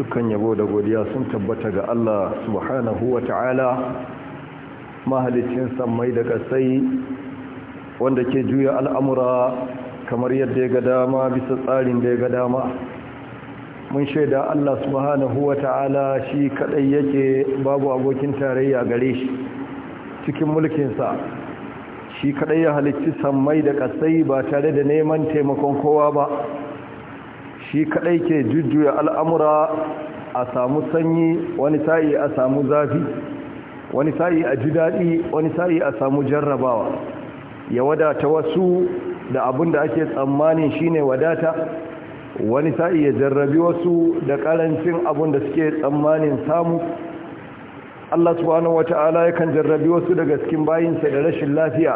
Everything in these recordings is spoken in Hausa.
dukkan yabo da godiya sun tabbata ga Allah subhanahu wa ta'ala mahalicin sammai da kasai wanda ke juya al'amura kamar yadda ya ga dama bisa tsarin da ya ga dama mun shaida Allah subhanahu wa ta'ala shi kadai yake babu abokin tarayya gare shi cikin mulkinsa shi kaɗai ya halicci sammai da kasai ba tare da neman taimakon kowa ba shi kaɗai ke jujjuya al'amura a samu sanyi wani sa'i a samu zafi wani sa'i a ji daɗi wani sa'i a samu jarrabawa ya wadata wasu da abin da ake tsammanin shine wadata wani sa'i ya jarrabi wasu da ƙarancin abin da suke tsammanin samu Allah subhanahu ya kan jarrabi wasu daga cikin bayinsa da rashin lafiya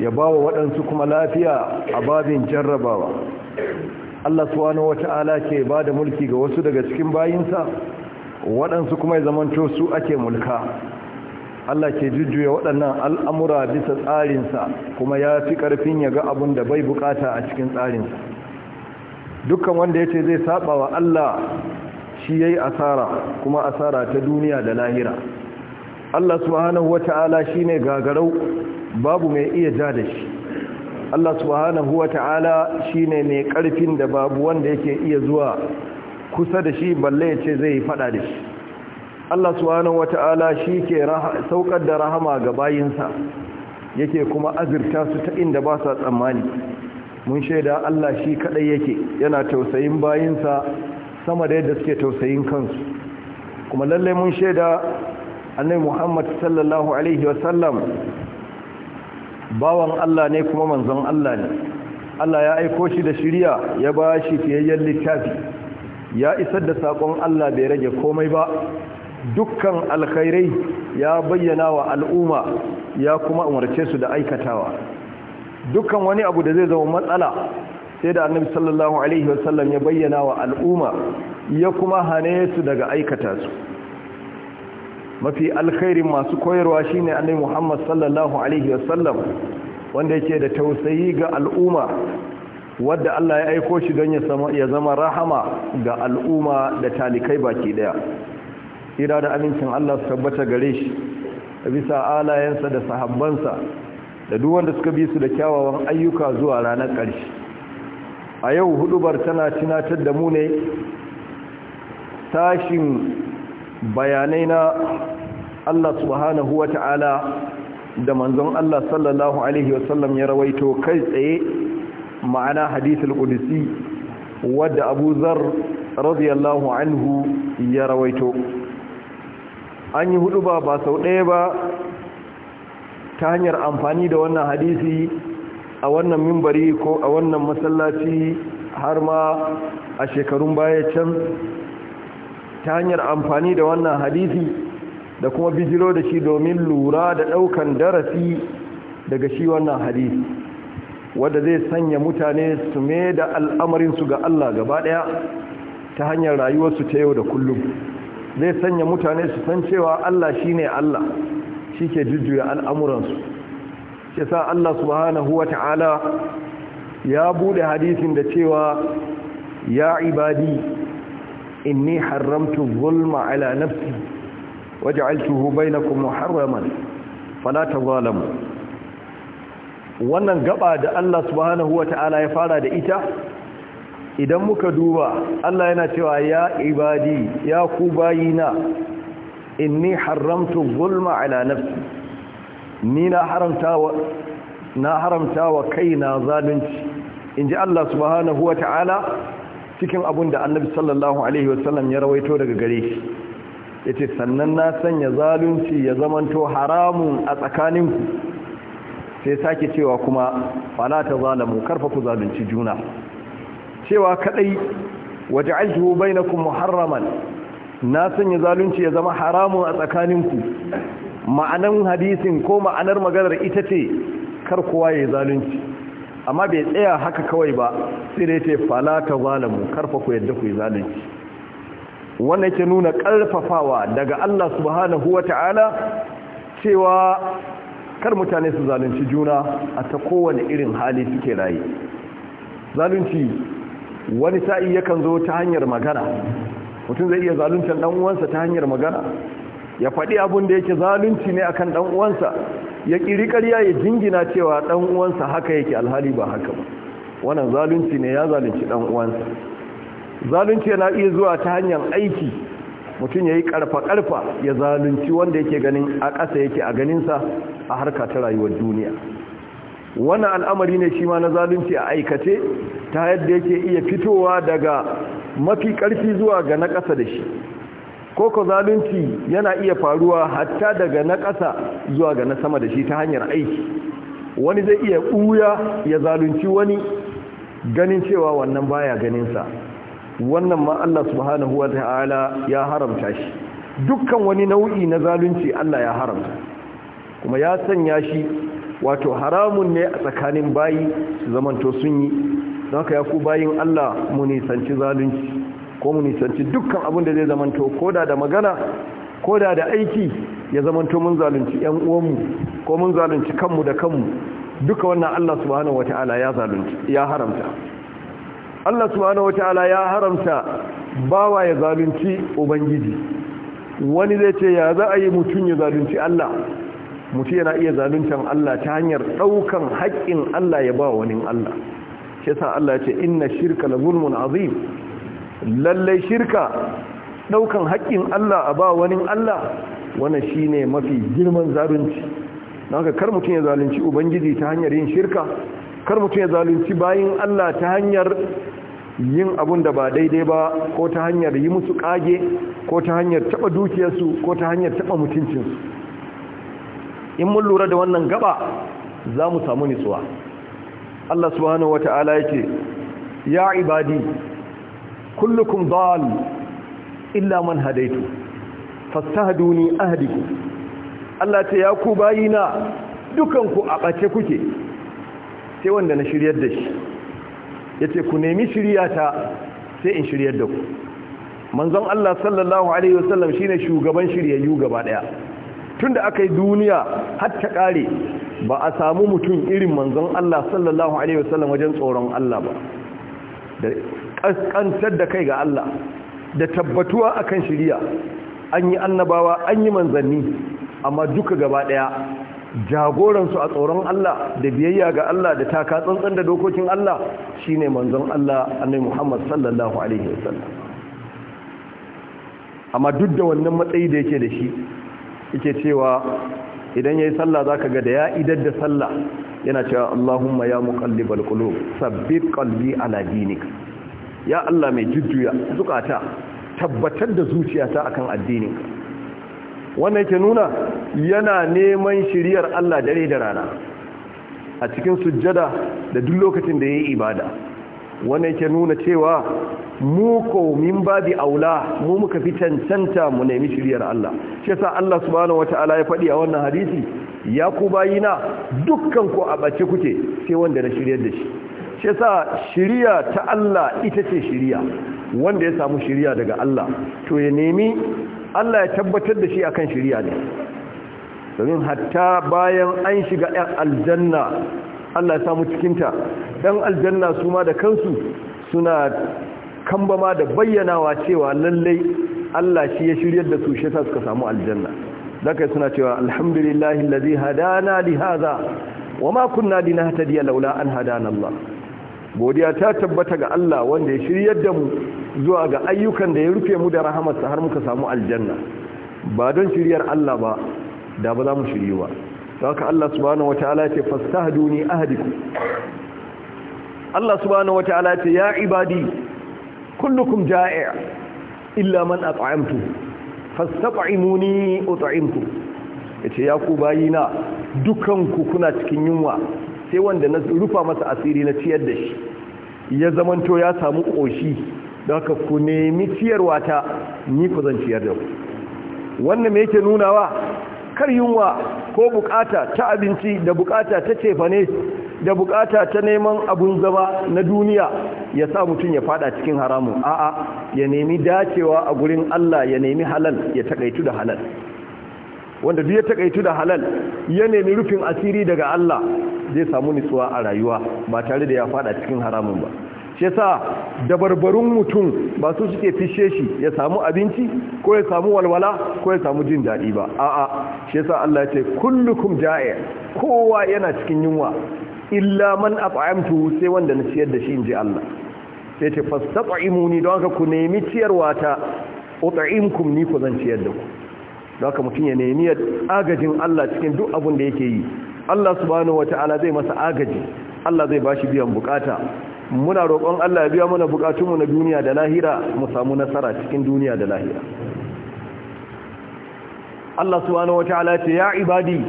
ya ba wa waɗansu kuma lafiya a babin jarrabawa Allah subhanahu wata'ala ke bada mulki ga wasu daga cikin bayinsa waɗansu kuma ya zamanto su ake mulka Allah ke jujjuya waɗannan al'amura bisa tsarinsa kuma ya fi ƙarfin ya ga abin da bai bukata a cikin tsarinsa dukkan wanda ya ce zai saba wa Allah shi ya yi asara kuma asara ta duniya da lahira Allah subhanahu wata'ala shi ne gagarau babu mai iya ja da shi Allah subhanahu wa ta'ala shi ne mai ƙarfin da babu wanda yake iya zuwa kusa da shi balle ya ce zai faɗa da shi Allah subhanahu wa ta'ala shi ke saukar da rahama ga bayinsa yake kuma azirta su ta inda ba sa tsammani mun shaida Allah shi kaɗai yake yana tausayin bayinsa sama da yadda suke tausayin kansu kuma lallai mun shaida annabi Muhammad sallallahu alaihi wasallam bawan Allah ne kuma manzon Allah ne Allah ya aiko shi da shiriya ya ba shi fiyayyen littafi ya isar da saƙon Allah bai rage komai ba dukkan alkhairai ya bayyana wa al'umma ya kuma umarce su da aikatawa dukkan wani abu da zai zama matsala sai da annabi sallallahu alaihi wasallam ya bayyana wa al'umma ya kuma hane su daga aikata su mafi alkhairin masu koyarwa shine annabi Muhammad sallallahu alaihi wasallam wanda yake da tausayi ga al'umma wadda Allah ya aiko shi don ya zama rahama ga al'umma da talikai baki daya ira da amincin Allah su tabbata gare shi bisa alayensa da sahabbansa da duk wanda suka bi su da kyawawan ayyuka zuwa ranar ƙarshe a yau hudubar tana tunatar da mu ne tashin bayanai na Allah subhanahu wa ta'ala da manzon Allah sallallahu alaihi wasallam ya rawaito kai tsaye ma'ana hadithul qudsi wadda Abu Zar radiyallahu anhu ya rawaito an yi hudu ba ba sau ɗaya ba ta hanyar amfani da wannan hadisi a wannan mimbari ko a wannan masallaci har ma a shekarun baya can ta hanyar amfani da wannan hadisi da kuma bijiro da shi domin lura da ɗaukan darasi daga shi wannan hadisi wanda zai sanya mutane su mai da al'amarin su ga Allah gaba ɗaya ta hanyar rayuwarsu ta yau da kullum zai sanya mutane su san cewa Allah shi Allah shi ke jujjuya al'amuransu shi sa Allah subhanahu wa ya bude hadisin da cewa ya ibadi inni haramtu zulma ala nafsi waj'altuhu bainakum muharraman fala tazalamu wannan gaba da Allah subhanahu wata'ala ya fara da ita idan muka duba Allah yana cewa ya ibadi ya ku bayina inni haramtu zulma ala nafsi ni na haramta wa na haramta wa kaina zalunci inji Allah subhanahu wata'ala cikin abun da annabi sallallahu alaihi wasallam ya rawaito daga gare shi yace sannan na sanya zalunci ya zamanto haramun a tsakanin ku sai sake cewa kuma fala ta zalamu karfa ku zalunci juna cewa kadai waj'alhu bainakum muharraman na sanya zalunci ya zama haramun a tsakanin ku ma'anan hadisin ko ma'anar maganar ita ce kar kowa ya zalunci amma bai tsaya haka kawai ba sai ce fala ta zalamu karfa ku yadda ku yi zalunci wannan ke nuna karfafawa daga Allah subhanahu wata'ala cewa kar mutane su zalunci juna a ta kowane irin hali suke raye zalunci wani sa'i yakan zo ta hanyar magana mutum zai iya zaluntar dan uwansa ta hanyar magana ya faɗi abin da yake zalunci ne akan ɗan uwansa ya kiri ƙarya ya jingina cewa ɗan uwansa haka yake alhali ba haka ba wannan zalunci ne ya zalunci dan uwansa zalunci yana iya zuwa ta hanyar aiki mutum ya yi karfa ƙarfa ya zalunci wanda yake ganin a ƙasa yake a ganinsa a harka ta rayuwar duniya wannan al'amari ne shi ma na zalunci a aikace ta yadda yake iya fitowa daga mafi ƙarfi zuwa ga na ƙasa da shi Koko zalunci yana iya faruwa hatta daga na ƙasa zuwa ga na sama da shi ta hanyar aiki wani zai iya ɓuya ya zalunci wani ganin cewa wannan baya ganinsa wannan ma Allah subhanahu wa ta'ala ya haramta shi dukkan wani nau'i na zalunci Allah ya haramta kuma ya sanya shi wato haramun ne a tsakanin bayi su zamanto sun yi don ya ku bayin Allah mu nisanci zalunci ko mu nisanci dukkan abin da zai zamanto koda da magana koda da aiki ya zamanto mun zalunci ƴan uwanmu ko mun zalunci kanmu da kanmu duka wannan Allah subhanahu wataala ya zalunci ya haramta Allah subhanahu wataala ya haramta bawa ya zalunci ubangiji wani zai ce ya za a yi mutum ya zalunci Allah mutum yana iya zaluntan Allah ta hanyar ɗaukan haƙƙin Allah ya ba wani Allah shi yasa Allah ya ce inna shirka la zulmun azim lallai shirka daukan haƙƙin Allah a ba wani Allah shi ne mafi girman zalunci haka kar mutum ya zalunci ubangiji ta hanyar yin shirka kar mutum ya zalunci bayin Allah ta hanyar yin abun da ba daidai ba ko ta hanyar yi musu kage ko ta hanyar taɓa dukiyarsu ko ta hanyar taɓa mutuncinsu in mun lura da wannan gaba za mu samu nitsuwa Allah subhanahu wata'ala yake ya ibadi kullukum dal illa man hadaitu fastahduni ahdikum Allah ta ya ku bayina dukan ku a bace kuke sai wanda na shiryar da shi yace ku nemi shiryata sai in shiryar da ku manzon Allah sallallahu alaihi wasallam shine shugaban shiryayyu gaba daya tunda aka yi duniya har ta kare ba a samu mutum irin manzon Allah sallallahu alaihi wasallam wajen tsoron Allah ba kaskantar da kai ga Allah da tabbatuwa akan shirya, an yi annabawa an yi manzanni amma duka gaba ɗaya jagoransu a tsoron Allah da biyayya ga Allah da taka tsantsan da dokokin Allah shi ne manzon Allah annabi Muhammad sallallahu alaihi wasallam amma duk da wannan matsayi da yake da shi yake cewa idan ya yi sallah za ka ga da ya idar da sallah yana cewa Allahumma ya muqallibal qulub sabbin ƙalli ala dinika ya Allah mai jujjuya zukata tabbatar da zuciyata akan addini wannan ke nuna yana neman shiriyar Allah dare da rana a cikin sujjada da duk lokacin da yayi ibada wannan ke nuna cewa mu ko min babi aula mu muka fi cancanta mu nemi shiriyar Allah shi yasa Allah subhanahu wataala ya faɗi a wannan hadisi ya ku bayina dukkan ku a bace kuke sai wanda na shiryar da shi shi sa shiriya ta Allah ita ce shiriya wanda ya samu shiriya daga Allah to ya nemi Allah ya tabbatar da shi akan shiriya ne domin hatta bayan an shiga ɗan aljanna Allah ya samu cikinta ɗan aljanna su ma da kansu suna kambama da bayyanawa cewa lallai Allah shi ya shiryar da su shi sa suka samu aljanna zaka suna cewa alhamdulillahi lazi hadana li hadha na kunna linahtadiya laula an hadana Allah godiya ta tabbata ga Allah wanda ya shiryar da mu zuwa ga ayyukan da ya rufe mu da rahamarsa har muka samu aljanna ba don shiryar Allah ba da ba za mu shiryu ba haka Allah subhanahu wataala ce fastahduni ahdikum Allah subhanahu wataala ce ya ibadi kullukum ja'i' illa man at'amtu fastat'imuni ut'imtu yace ya ku bayina dukanku kuna cikin yunwa sai wanda na rufa masa asiri na ciyar da shi ya zamanto ya samu ƙoshi da haka ku nemi ciyarwa ta ni ku zan ciyar da ku wannan me yake nunawa kar yunwa ko bukata ta abinci da bukata ta cefane da bukata ta neman abun zama na duniya ya sa mutum ya fada cikin haramun a'a ya nemi dacewa a gurin Allah ya nemi halal ya takaitu da halal wanda duk ya takaitu da halal ya nemi rufin asiri daga Allah zai samu nutsuwa a rayuwa ba tare da ya fada cikin haramun ba shi yasa dabarbarun mutum ba su suke fishe shi ya samu abinci ko ya samu walwala ko ya samu jin daɗi ba a'a shi yasa Allah ya ce kullukum ja'i kowa yana cikin yunwa illa man at'amtu sai wanda na ciyar da shi inji Allah sai ce fastat'imuni don haka ku nemi ciyarwa ta ut'imkum ni ku zan ciyar da ku don haka mutum ya nemi agajin Allah cikin duk abin da yake yi Allah subhanahu wata'ala zai masa agaji Allah zai bashi biyan bukata muna roƙon Allah ya biya mana bukatunmu na duniya da lahira mu samu nasara cikin duniya da lahira Allah subhanahu wata'ala ce ya ibadi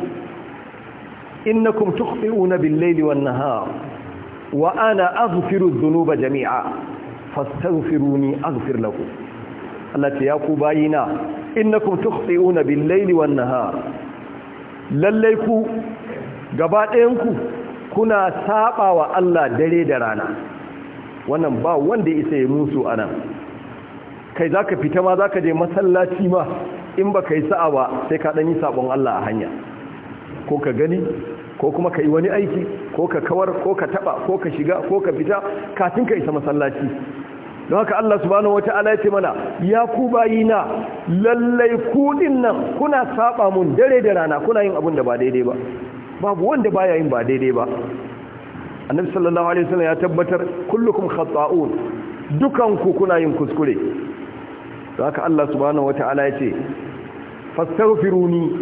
innakum tukhfiuna bil-layli wan-nahar wa ana aghfiru dhunuba jami'a fastaghfiruni aghfir lakum Allah ce ya ku bayina innakum tukhfiuna bil-layli wan-nahar lallai ku gaba ɗayanku kuna saba wa Allah dare da rana wannan ba wanda isa ya musu a nan. kai za ka fita ma za ka je masallaci ma in ba ka yi sa'a ba sai ka dan yi sabon Allah a hanya ko ka gani ko kuma ka yi wani aiki ko ka kawar ko ka taba ko ka shiga ko ka fita kafin ka isa masallaci don haka Allah subhanahu wata'ala ya ce mana ya ku na lallai kuɗin nan kuna saba mun dare da rana kuna yin abun da ba daidai ba babu wanda baya yin ba daidai ba annabi sallallahu alaihi wasallam ya tabbatar kullukum khata'un dukanku kuna yin kuskure haka Allah subhanahu wataala yace fastaghfiruni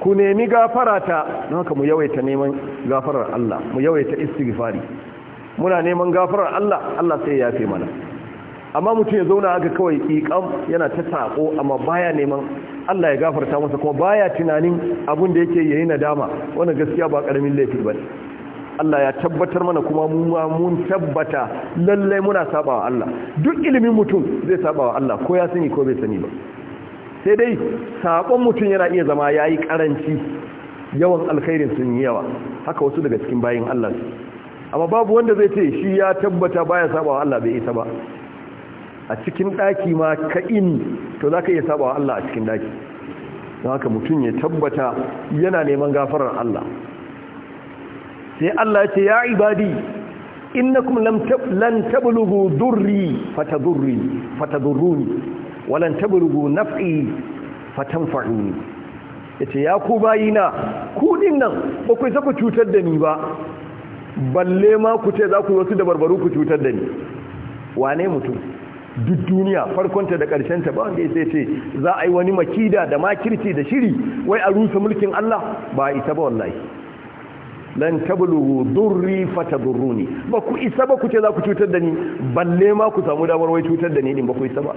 ku nemi gafarata don haka mu yawaita neman gafarar Allah mu yawaita istighfari muna neman gafarar Allah Allah sai ya yafe mana amma mutum ya zauna aka kawai iƙam yana ta tsako amma baya neman Allah ya gafarta masa kuma baya tunanin abun da yake yi nadama wannan gaskiya ba karamin laifi bane Allah ya tabbatar mana kuma mun tabbata lallai muna sabawa Allah duk ilimin mutum zai sabawa Allah ko ya sani ko bai sani ba sai dai sakon mutum yana iya zama yayi karanci yawan alkhairin sun yi yawa haka wasu daga cikin bayin Allah amma babu wanda zai ce shi ya tabbata baya sabawa Allah bai isa ba a cikin daki ma ka ini to za ka iya sabawa wa Allah a cikin daki don haka mutum ya tabbata yana neman gafarar Allah sai Allah ce ya ibadi innakum lam lan tablughu durri fatadurri fatadurruni wa tablughu naf'i fatanfa'uni yace ya ku bayina ku dinnan ba ku saka cutar da ni ba balle ma ku ce za ku wasu dabarbaru ku cutar da ni wane mutum duk duniya farkonta da ta ba wanda sai ce za a yi wani makida da makirci da shiri wai a rusa mulkin Allah ba isa ba wallahi lan tabluhu durri fatadurruni ba ku isa ba ku ce za ku cutar da ni balle ma ku samu damar wai cutar da ni din ba ku isa ba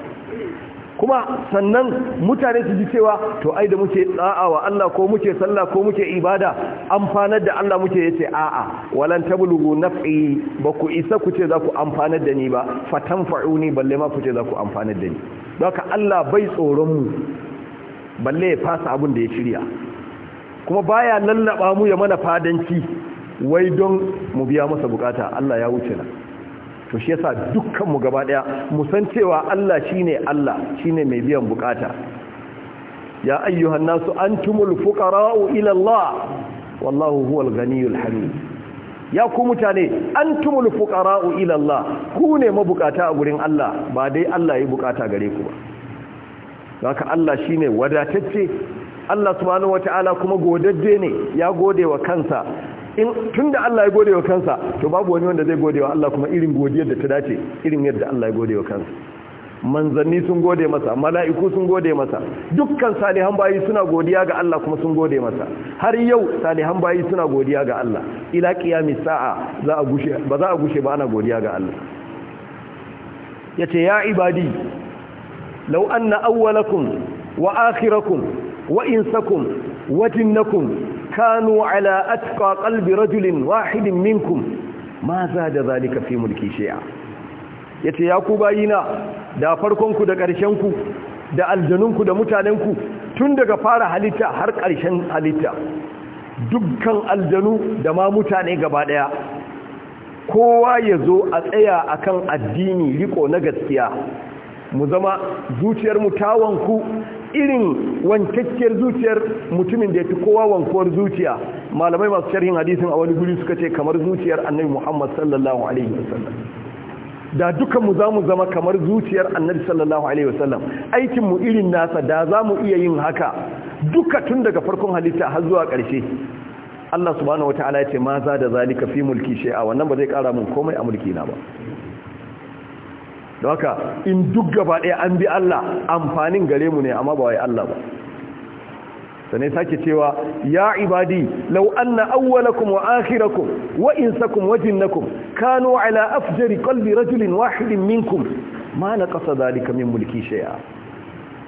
kuma sannan mutane su ji cewa to ai da muke da'a wa Allah ko muke sallah ko muke ibada amfanar da Allah muke yace a'a walan tablughu naf'i ba ku isa ku ce za ku amfanar da ni ba fatanfa'uni balle ma ku ce za ku amfanar da ni haka Allah bai tsoron mu balle ya fasa abin da ya shirya kuma baya lallaba mu ya mana fadanci wai don mu biya masa bukata Allah ya wuce na to shi yasa dukkanmu gaba daya mu san cewa Allah shine Allah shine mai biyan bukata ya ayyuhan nasu antumul fuqara'u ila Allah wallahu huwal ganiyul hamid ya ku mutane antumul fuqara'u ila Allah ku ne mabukata a gurin Allah ba dai Allah ya bukata gare ku ba haka Allah shine wadatacce Allah subhanahu wataala kuma godadde ne ya gode wa kansa in tunda Allah ya gode wa kansa to babu wani wanda zai gode wa Allah kuma irin godiyar da ta dace irin yadda Allah ya gode wa kansa manzanni sun gode masa mala'iku sun gode masa dukkan salihan bayi suna godiya ga Allah kuma sun gode masa har yau salihan bayi suna godiya ga Allah ila qiyamis sa'a za a gushe ba za a gushe ba ana godiya ga Allah yace ya ibadi law anna awwalakum wa akhirakum wa insakum wa jinnakum kanu ala atqa qalbi rajulin wahidin minkum ma da zalika fi mulki shay'a yace ya ku bayina da farkon ku da ƙarshenku ku da aljanun ku da mutanen ku tun daga fara halitta har ƙarshen halitta dukkan aljanu da ma mutane gaba daya kowa ya zo a tsaya akan addini riko na gaskiya mu zama zuciyar mu tawanku irin wancakkiyar zuciyar mutumin da ya fi kowa wankuwar zuciya malamai masu sharhin hadisin a wani guri suka ce kamar zuciyar annabi muhammad sallallahu alaihi wasallam da dukanmu za mu zama kamar zuciyar annabi sallallahu alaihi wasallam aikinmu irin nasa da zamu iya yin haka duka tun daga farkon halitta har zuwa karshe Allah subhanahu wataala ya ce ma za da zalika fi mulki shay'a wannan ba zai kara mun komai a mulki na ba da haka in duk gaba ɗaya an bi Allah amfanin gare mu ne amma ba wai Allah ba sane sake cewa ya ibadi law anna awwalakum wa akhirakum wa insakum wa jinnakum kanu ala afjari qalbi rajulin wahidin minkum ma qasa dalika min mulki shay'a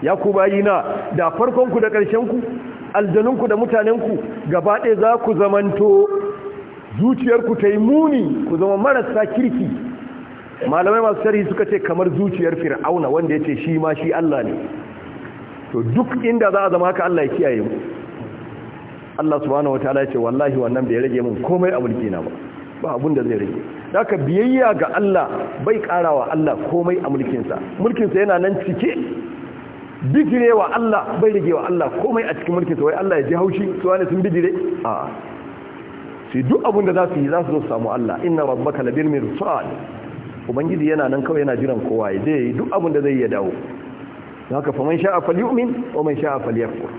ya bayina da farkon ku da karshen ku aljanun ku da mutanen ku gaba ɗaya za ku zamanto zuciyar ku ta yi muni ku zama marasa kirki malamai masu sharhi suka ce kamar zuciyar fir'auna wanda ce shi ma shi Allah ne to duk inda za a zama haka Allah ya kiyaye mu Allah subhanahu wataala yace wallahi wannan bai rage mun komai a mulkina ba ba abun da zai rage daga biyayya ga Allah bai karawa Allah komai a mulkinsa mulkinsa yana nan cike bijirewa Allah bai wa Allah komai a cikin mulkinsa wai Allah ya ji haushi su wani sun bijire a sai duk abin da za su yi za su zo samu Allah inna rabbaka labil mirsad ubangiji yana nan kawai yana jiran kowa ya je duk abin da zai ya dawo haka fa man sha'a falyu'min wa man sha'a falyakfur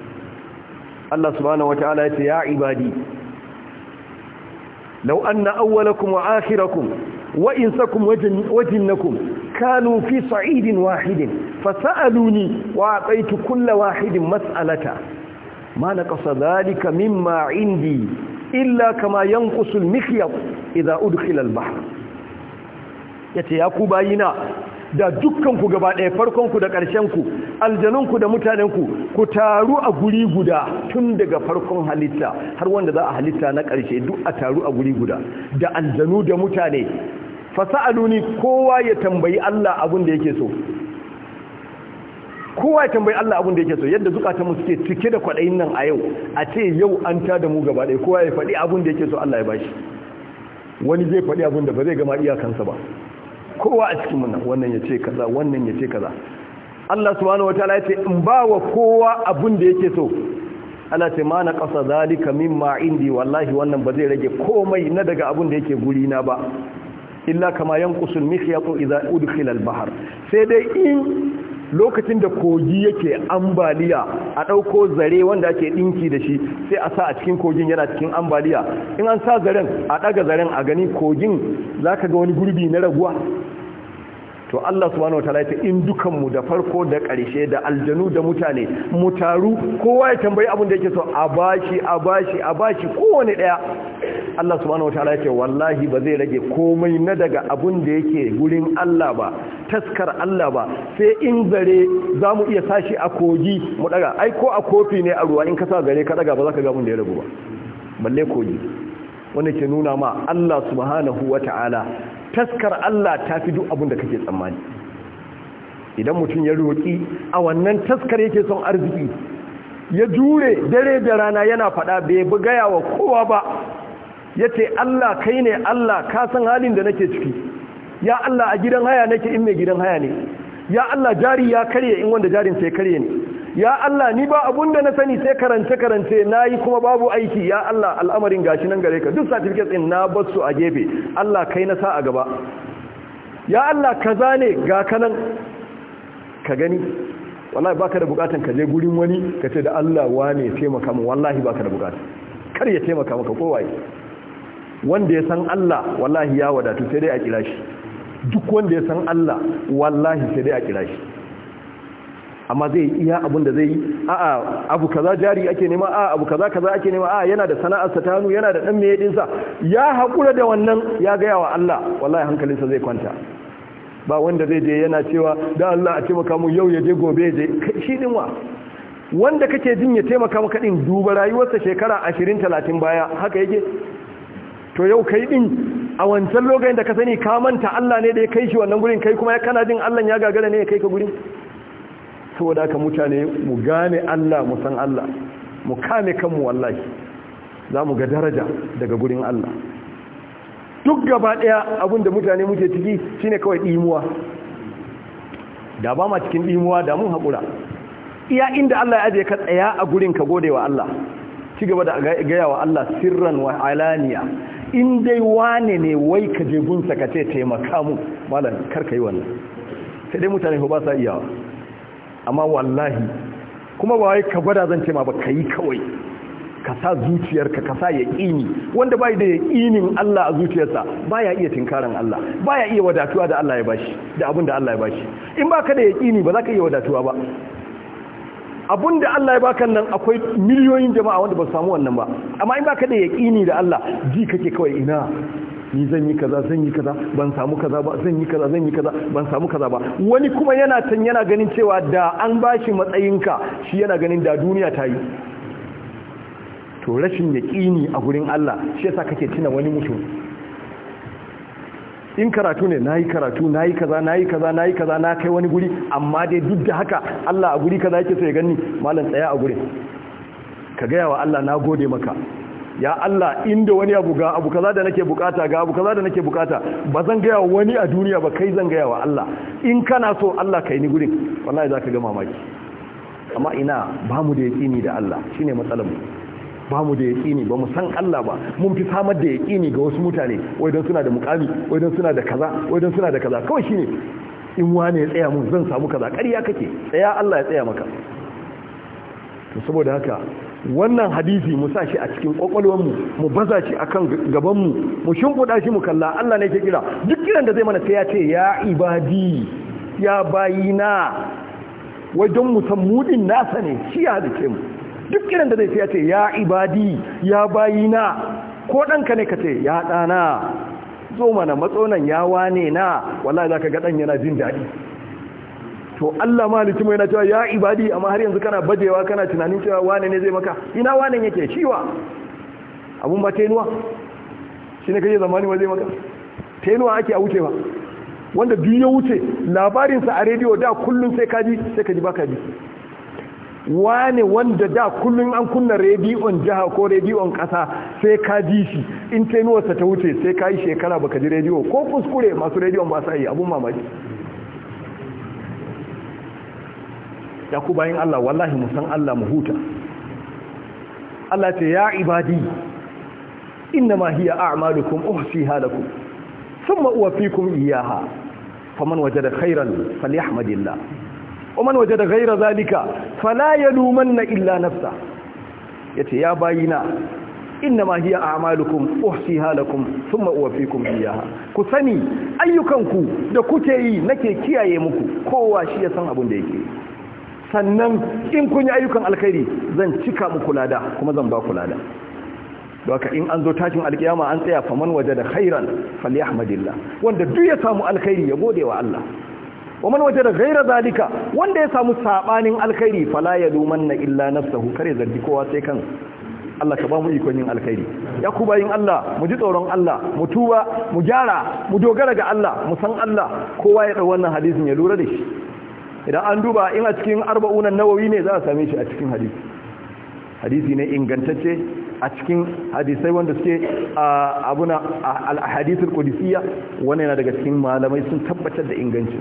Allah subhanahu wataala yace ya ibadi law anna awwalakum wa akhirakum wa insakum wa jinnakum kanu fi sa'idin wahidin fasaluni wa ataitu kull wahidin mas'alata ma naqasa dhalika mimma indi illa kama yanqusu al-mikhyat idha udkhila al-bahr ce ya ku bayina da dukkanku gaba ɗaya farkonku da ƙarshenku aljanunku da mutanenku ku taru a guri guda tun daga farkon halitta har wanda za a halitta na ƙarshe duk a taru a guri guda da aljanu da mutane fasa'aluni kowa ya tambayi Allah abin da yake so kowa ya tambayi Allah abin da yake so yadda zukatanmu suke cike da kwaɗayin nan a yau a ce yau an ta da mu gaba ɗaya kowa ya faɗi abin da yake so Allah ya bashi wani zai faɗi abin da ba zai gama iyakansa ba kowa a cikin wannan wannan ya ce kaza wannan ya ce kaza Allah subhanahu wataala ce in bawa kowa abin da yake so Allah ce ma na qasa zalika mimma indi wallahi wannan ba zai rage komai na daga abin da yake guri na ba illa kama yanqusul mikhyatu idha udkhila al bahar sai dai in lokacin da kogi yake ambaliya a ɗauko zare wanda ake ɗinki da shi sai a sa a cikin kogin yana cikin ambaliya in an sa zaren a ɗaga zaren a gani kogin za ka ga wani gurbi na raguwa to Allah subhanahu wata ya in dukanmu da farko da ƙarshe da aljanu da mutane mu taru kowa ya tambayi abin da yake so a bashi a bashi a bashi kowane ɗaya Allah subhanahu wataala yake wallahi ba zai rage komai na daga abun da yake gurin Allah ba taskar Allah ba sai in zare za mu iya sashi a kogi mu daga ai ko a kofi ne a ruwa in ka sa gare ka daga ba za ka ga abun da ya ragu ba balle kogi wanda ke nuna ma Allah subhanahu wataala taskar Allah ta fi duk abun da kake tsammani idan mutum ya roƙi a wannan taskar yake son arziki ya jure dare da rana yana fada bai bi wa kowa ba ya ce Allah kai ne Allah ka san halin da nake ciki ya Allah a gidan haya nake in mai gidan haya ne ya Allah jari ya karye in wanda jarin sai karye ne ya Allah ni ba abun da na sani sai karance karance nayi kuma babu aiki ya Allah al'amarin gashi nan gare ka duk satifikas din na basu a gefe Allah kai na sa a gaba ya Allah kaza ne ga kanan ka gani wallahi baka da bukatan ka je gurin wani ka ce da Allah wane taimaka mu wallahi baka da bukata kar ya taimaka maka kowaye wanda ya san Allah wallahi ya wadatu sai dai a kira shi duk wanda ya san Allah wallahi sai dai a kira shi amma zai iya abun da zai yi a'a abu kaza jari ake nema a'a abu kaza kaza ake nema a'a yana da sana'ar sa tanu yana da dan meye sa ya hakura da wannan ya ga yawa Allah wallahi hankalinsa zai kwanta ba wanda zai je yana cewa da Allah a taimaka mu yau ya je gobe je shi din wa wanda kake jin ya taimaka maka din duba rayuwarsa shekara 20 30 baya haka yake to yau kai din a wancan lokacin da ka sani ka manta Allah ne da ya kai shi wannan gurin kai kuma kana jin Allah ya gagara ne ya kai ka gurin saboda haka mutane mu gane Allah mu san Allah mu kame kanmu wallahi za mu ga daraja daga gurin Allah duk gaba daya abinda mutane muke ciki shine kawai dimuwa da ba ma cikin dimuwa da mun hakura iya inda Allah ya aje ka tsaya a gurin ka gode wa Allah ci gaba da gaya wa Allah sirran wa alaniya in dai wane ne wai ka je gunsa ka ce taimaka mu malam karka yi wannan sai dai mutane ba sa iyawa amma wallahi kuma ba wai ka gwada zan ce ma ba ka yi kawai ka sa zuciyarka ka sa yaƙini wanda bai da yaƙinin Allah a zuciyarsa baya iya tinkarin Allah baya iya wadatuwa da Allah ya bashi da abin da Allah ya bashi in baka da yaƙini ba za ka iya wadatuwa ba abun da Allah ya baka nan akwai miliyoyin jama'a wanda ba samu wannan ba amma in baka da yaƙini da Allah ji kake kawai ina ni zan yi kaza zan yi kaza ban samu kaza ba zan yi kaza zan yi kaza ban samu kaza ba wani kuma yana tan yana ganin cewa da an bashi matsayinka shi yana ganin da duniya ta yi to rashin yaƙini a gurin Allah shi yasa kake tuna wani mutum in karatu ne nayi karatu nayi kaza nayi kaza nayi kaza na kai wani guri amma dai duk da haka Allah a guri kaza yake so ya gani malam tsaya a gurin ka gaya wa Allah na gode maka ya Allah inda wani abu ga abu kaza da nake bukata ga abu kaza da nake bukata ba zan gaya wa wani a duniya ba kai zan gaya wa Allah in kana so Allah kai ni gurin wallahi zaka ga mamaki amma ina bamu mu da yaqini da Allah shine matsalar mu ba mu da yaƙini ba mu san Allah ba mun fi samar da yaƙini ga wasu mutane wai don suna da mukami wai don suna da kaza wai suna da kaza kawai shine in wane ya tsaya mun zan samu kaza ƙarya kake tsaya Allah ya tsaya maka to saboda haka wannan hadisi mu sa shi a cikin kwakwalwarmu mu mu baza shi akan gaban mu mu shimfiɗa shi mu kalla Allah ne ke kira duk kiran da zai mana sai ya ce ya ibadi ya bayina wajen mu san mudin nasa ne shi ya halice mu duk irin da zai sai ce ya ibadi ya bayina ko ɗanka ne ka ce ya ɗana zo mana matsonan ya wane na wallahi za ka ga ɗan yana jin daɗi to Allah ma halittu mai na cewa ya ibadi amma har yanzu kana bajewa kana tunanin cewa wane ne zai maka ina wane yake ciwa abun ba tenuwa shi ne kaje zamani ba zai maka tenuwa ake a wuce ba wanda biyu ya wuce labarinsa a rediyo da kullum sai kaji sai kaji ba kaji. wane wanda da kullum an kunna rediyon jiha ko rediyon kasa sai ka ji shi in tenuwarsa ta wuce sai ka yi shekara baka ji rediyo ko kuskure masu rediyon ba sa yi abun mamaki ya ku bayan Allah wallahi mu san Allah mu huta Allah ce ya ibadi inna ma hiya a'malukum uhsiha lakum thumma uwaffikum iyyaha faman wajada khairan falyahmadillah ومن وجد غير ذلك فلا يلومن إلا نفسه يتي يا باينا إنما هي أعمالكم أحصيها لكم ثم أوفيكم إياها كثني ayyukanku da kuke yi nake kiyaye muku kowa shi ya san abin da yake sannan in kun yi ayyukan alkhairi zan cika muku lada kuma zan ba ku lada doka in an zo tashin alkiyama an tsaya faman waje da khairan falyahmadillah wanda duk ya samu alkhairi ya gode wa Allah wa man wajada ghayra zalika wanda ya samu sabanin alkhairi fala yadumanna illa nafsuhu kare zargi kowa sai kan Allah ka ba mu ikon yin alkhairi ya ku bayin Allah mu ji tsoron Allah mu tuba mu gyara mu dogara ga Allah mu san Allah kowa ya dau wannan hadisin ya lura da shi idan an duba in a cikin arba'unan nawawi ne za a same shi a cikin hadisi hadisi ne ingantacce a cikin hadisai wanda suke abuna al-ahadithul qudsiyya wannan yana daga cikin malamai sun tabbatar da ingancin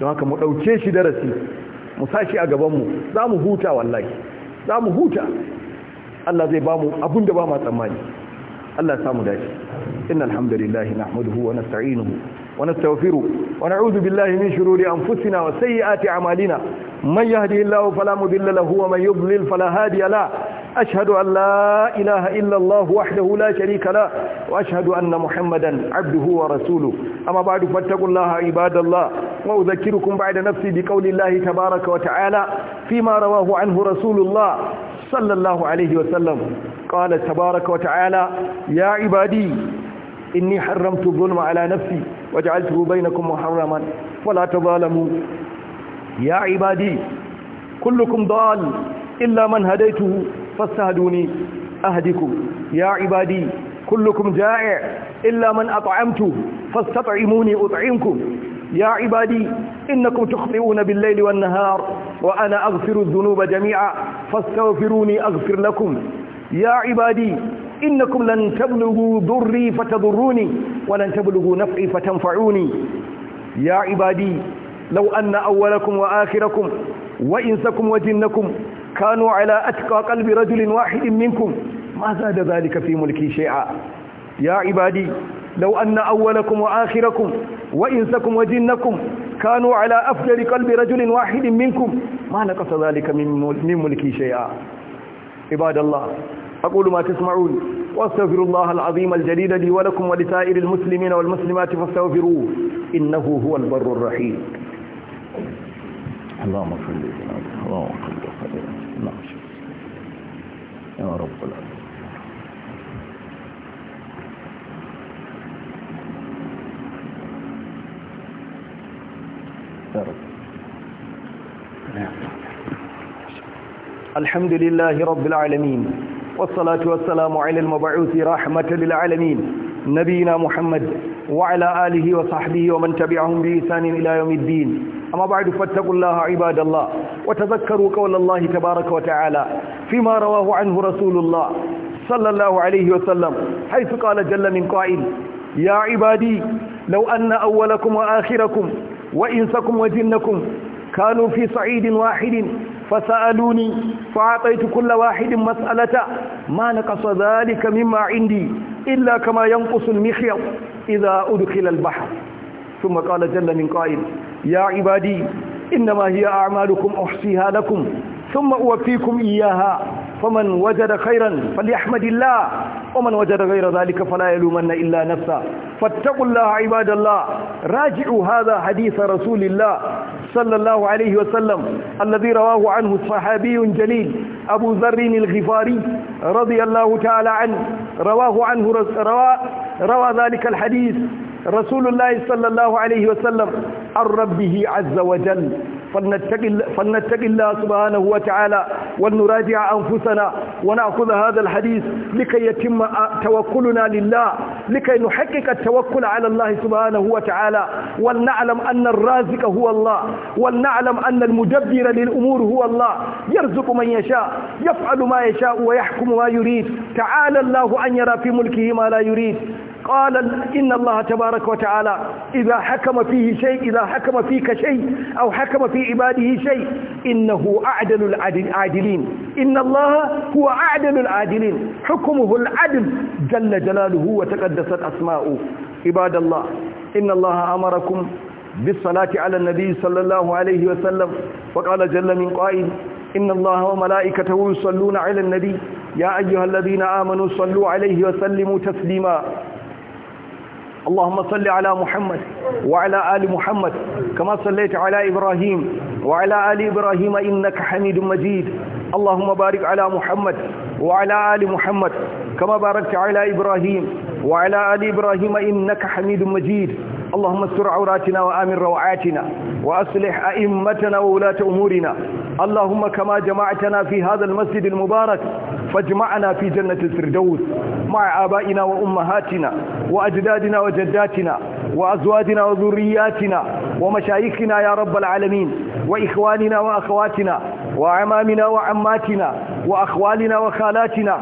don haka mu ɗauke shi darasi mu sashi a gabanmu za mu huta wallahi za mu huta Allah zai ba mu abin da ba ma tsammani Allah samu dace innal hamdalillahi nahmaduhu wa nasta'inuhu wa nastaghfiruh wa na'udhu billahi min shururi anfusina wa sayyiati a'malina man yahdihillahu fala mudilla lahu wa man yudlil fala hadiya lahu أشهد أن لا إله إلا الله وحده لا شريك له وأشهد أن محمدا عبده ورسوله أما بعد فاتقوا الله عباد الله وأذكركم بعد نفسي بقول الله تبارك وتعالى فيما رواه عنه رسول الله صلى الله عليه وسلم قال تبارك وتعالى يا عبادي إني حرمت الظلم على نفسي وجعلته بينكم محرما ولا تظالموا يا عبادي كلكم ضال إلا من هديته فاستهدوني أهدكم يا عبادي كلكم جائع إلا من أطعمته فاستطعموني أطعمكم يا عبادي إنكم تخطئون بالليل والنهار وأنا أغفر الذنوب جميعا فاستغفروني أغفر لكم يا عبادي إنكم لن تبلغوا ضري فتضروني ولن تبلغوا نفعي فتنفعوني يا عبادي لو أن أولكم وآخركم وإنسكم وجنكم كانوا على أتقى قلب رجل واحد منكم ما زاد ذلك في ملكي شيئا يا عبادي لو أن أولكم وآخركم وإنسكم وجنكم كانوا على أفجر قلب رجل واحد منكم ما نقص ذلك من ملكي شيئا عباد الله أقول ما تسمعون واستغفر الله العظيم الجليل لي ولكم ولسائر المسلمين والمسلمات فاستغفروه إنه هو البر الرحيم اللهم صل وسلم اللهم محمد يا رب العالمين يا رب الحمد لله رب العالمين والصلاة والسلام على المبعوث رحمة للعالمين نبينا محمد وعلى آله وصحبه ومن تبعهم بإحسان إلى يوم الدين أما بعد فاتقوا الله عباد الله وتذكروا قول الله تبارك وتعالى فيما رواه عنه رسول الله صلى الله عليه وسلم حيث قال جل من قائل يا عبادي لو أن أولكم وآخركم وإنسكم وجنكم كانوا في صعيد واحد فسألوني فأعطيت كل واحد مسألة ما نقص ذلك مما عندي إلا كما ينقص المخيط إذا أدخل البحر ثم قال جل من قائل يا عبادي إنما هي أعمالكم أحصيها لكم ثم أوفيكم إياها فمن وجد خيرا فليحمد الله ومن وجد غير ذلك فلا يلومن إلا نفسه فاتقوا الله عباد الله راجعوا هذا حديث رسول الله صلى الله عليه وسلم الذي رواه عنه صحابي جليل أبو ذر الغفاري رضي الله تعالى عنه رواه عنه روى, روى ذلك الحديث رسول الله صلى الله عليه وسلم عن ربه عز وجل فلنتق الله سبحانه وتعالى ولنراجع أنفسنا ونأخذ هذا الحديث لكي يتم توكلنا لله لكي نحقق التوكل على الله سبحانه وتعالى ولنعلم أن الرازق هو الله ولنعلم أن المدبر للأمور هو الله يرزق من يشاء يفعل ما يشاء ويحكم ما يريد تعالى الله أن يرى في ملكه ما لا يريد قال إن الله تبارك وتعالى إذا حكم فيه شيء إذا حكم فيك شيء أو حكم في عباده شيء إنه أعدل العادلين إن الله هو أعدل العادلين حكمه العدل جل جلاله وتقدست أسماؤه عباد الله إن الله أمركم بالصلاة على النبي صلى الله عليه وسلم وقال جل من قائل إن الله وملائكته يصلون على النبي يا أيها الذين آمنوا صلوا عليه وسلموا تسليما اللهم صل على محمد وعلى آل محمد كما صليت على إبراهيم وعلى آل إبراهيم إنك حميد مجيد اللهم بارك على محمد وعلى آل محمد كما باركت على إبراهيم وعلى آل إبراهيم إنك حميد مجيد اللهم استر عوراتنا وآمن روعاتنا وأصلح أئمتنا وولاة أمورنا اللهم كما جمعتنا في هذا المسجد المبارك فاجمعنا في جنة الفردوس مع آبائنا وأمهاتنا وأجدادنا وجداتنا وأزواجنا وذرياتنا ومشايخنا يا رب العالمين وإخواننا وأخواتنا وعمامنا وعماتنا وأخوالنا وخالاتنا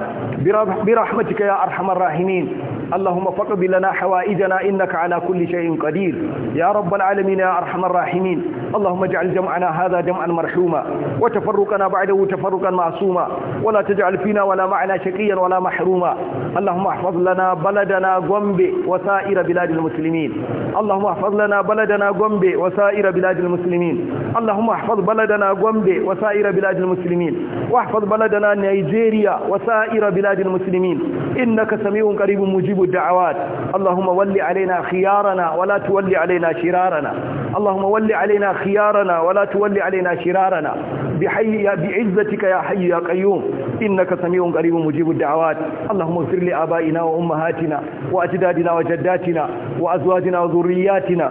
برحمتك يا أرحم الراحمين اللهم فقب لنا حوائجنا إنك على كل شيء قدير يا رب العالمين يا أرحم الراحمين اللهم اجعل جمعنا هذا جمعا مرحوما وتفرقنا بعده تفرقا معصوما ولا تجعل فينا ولا معنا شقيا ولا محروما اللهم احفظ لنا بلدنا غومبي وسائر بلاد المسلمين اللهم احفظ لنا بلدنا غومبي وسائر بلاد المسلمين اللهم احفظ بلدنا غومبي وسائر بلاد المسلمين واحفظ بلدنا نيجيريا وسائر بلاد المسلمين إنك سميع قريب مجيب الدعوات اللهم ولي علينا خيارنا ولا تولي علينا شرارنا اللهم ولي علينا خيارنا ولا تولي علينا شرارنا بحي بعزتك يا حي يا قيوم إنك سميع قريب مجيب الدعوات اللهم اغفر لآبائنا وأمهاتنا وأجدادنا وجداتنا وأزواجنا وذرياتنا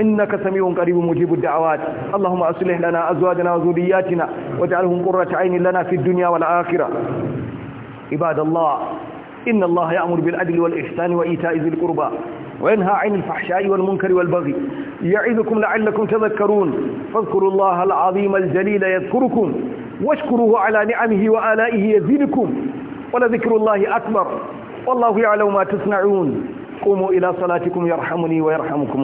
إنك سميع قريب مجيب الدعوات اللهم أصلح لنا أزواجنا وذرياتنا واجعلهم قرة عين لنا في الدنيا والآخرة عباد الله إن الله يأمر بالعدل والإحسان وإيتاء ذي القربى وينهى عن الفحشاء والمنكر والبغي يعظكم لعلكم تذكرون فاذكروا الله العظيم الجليل يذكركم واشكروه على نعمه وآلائه يزيدكم ولذكر الله أكبر والله يعلم ما تصنعون قوموا إلى صلاتكم يرحمني ويرحمكم